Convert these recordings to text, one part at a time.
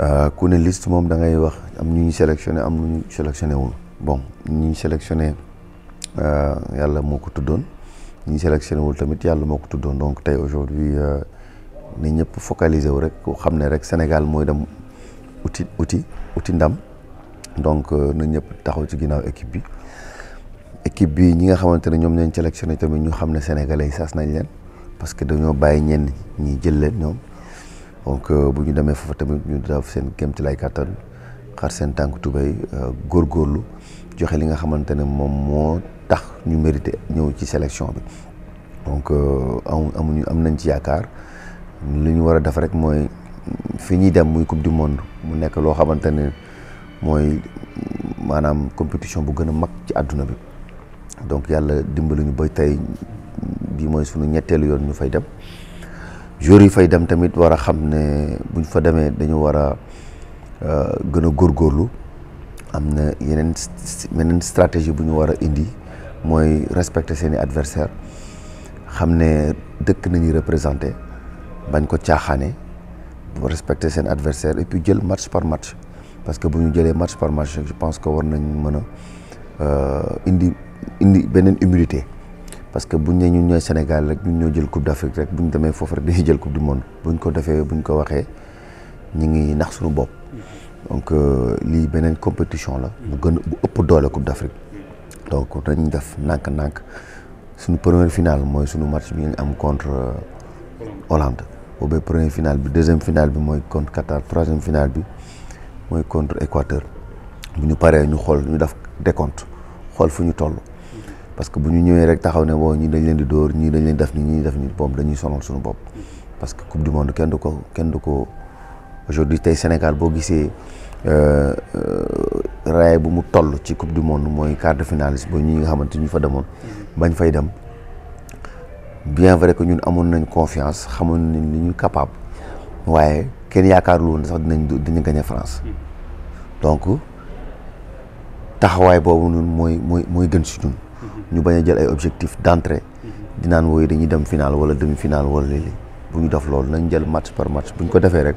Euh, ku ne list moom da ngay wax am ñu ñu sélectionné am ñu sélectionné wul bon ñu sélectionné euh, yàlla moo ko tuddoon ñu sélectionné wul tamit yàlla moo ko tuddoon donc tey aujourd'hui euh, na ñëpp focaliser wu rek ku xam ne rek Sénégal mooy dem uti uti uti ndam donc na ñëpp taxaw ci ginnaaw équipe bi équipe bi ñi nga xamante ne ñoom lañ sélectionné tamit ñu xam ne sénégalais yi sas nañ leen parce que dañoo bàyyi ñenn ñi jël leen ñoom. donc euh, bu ñu demee foofa tamit ñu def seen kéemti lay kàttan xar seen tànk tubéy euh, góorgóorlu joxe li nga xamante ne moom moo tax ñu mérité ñëw ci sélection bi donc euh, amuñu am nañ ci yaakaar li ñu war a def rek mooy fi ñuy dem muy coupe du monde mu nekk loo xamante ne mooy maanaam compétition bu gën a mag ci àdduna bi donc yàlla dimbali ñu ba tey bi mooy sunu ñetteelu yoon ñu fay dem joueurs yi fay dem tamit war a xam ne buñ fa demee dañu war a euh, gën a góor góorlu am na yeneen yeneen stratégie bu ñu war a indi mooy respecter seeni adversaire xam ne dëkk nañuy représenté bañ ko caaxaane respecter seen adversaire et puis jël match par match parce que bu ñu jëlee match par match je pense que war nañ mën a euh, indi indi beneen humilité parce que buñ ñu ñun Sénégal rek ñun ñoo jël coupe d'Afrique rek buñ démé foofu rek dañuy jël coupe du monde buñ ko défé buñ ko waxé ñi ngi nax suñu bop donc euh, li benen compétition la. bu gën bu ëpp doole coupe d'Afrique. donc dañ def nànk-nànk suñu première finale moy suñu match bi ñu am contre euh, Hollande. Au première finale bi deuxième finale bi moy contre Qatar troisième finale bi moy contre Équateur bu ñu paree ñu xol ñu def décompte xol fu ñu toll. parce que bu ñu ñëwee rek taxaw ne woo ñii dañ leen di dóor ñii dañ leen def nii ñii def nii boom dañuy sonal suñu bopp. parce que coupe du monde kenn du ko kenn du ko aujourd'hui tey Sénégal boo gisee euh, euh, raay bu mu toll ci coupe du monde mooy quart de finaliste ba ñi nga xamante ñu fa demoon. bañ fay dem bien vrai que ñun amoon nañ confiance xamoon ni li ñu capable waaye kenn yaakaarul woon sax dinañ dinañ gagné France hmm. donc taxawaay boobu noonu mooy mooy mooy gën si ñun. ñu bañ a jël ay objectif d'entrée mhm. di naan wooyu dañuy dem final wala demi final wala léeg-léeg bu ñu def loolu nañ jël match par match bu ñu ko defee rek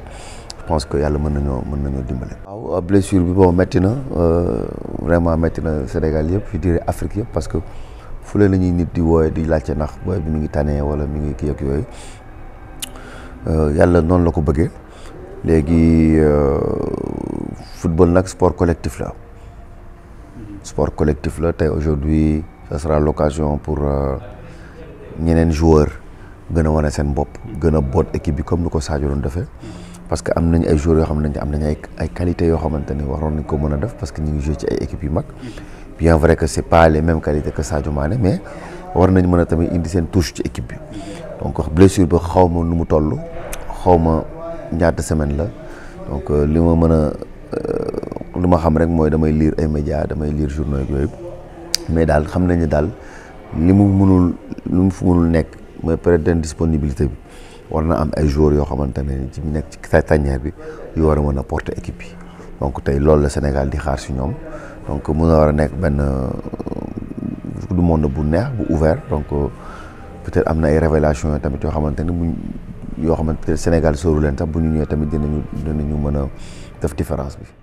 je que yàlla mën nañoo mën nañoo dimbale. waaw euh, blessure bi bon metti na euh, vraiment métti na Sénégal yëpp je dirais Afrique yëpp parce que fule la ñuy nit di wooye di laajte ndax booy bi mu ngi tanee wala mu ngi kii ak yooyu euh, yàlla noonu la ko bëggee léegi football nag sport collectif la mhm. sport collectif la tey aujourd'hui ce sera l'occasion euh, ñeneen joueurs gën a wane seen bopp gën a boot équipe bi comme ni ko Sadio doon defee parce que am nañ ay joueurs yoo xam ne am nañ ay ay qualités yoo xamante ni waroon nañ ko mën def parce que ñu ngi joué ci ay équipes que c'est pas les mêmes que Sadio Mané mais war nañ mën a tamit indi seen touche ci équipe bi donc blessure bi xaw ma nu mu toll xaw ma ñaata semaine la donc euh, li mën a euh, lu ma xam rek mooy damay liir ay médias damay lire journaux yooyu mais daal xam nañu daal li mu mënul lu mu fu mënul nekk mooy période disponibilité bi war na am ay joueurs yoo xamante ne ci nekk ci tanière bi yu war a mën a porter équipe bi donc tey loolu la Sénégal di xaar si ñoom donc mun na war a nekk benn euh, du monde bu neex bu ouvert donc euh, peut-être am na ay révélation tamit yoo xamante ne buñ yoo xamante Sénégal sóoru leen sax bu ñu ñëwee tamit dinañu ñu mën a def différence bi.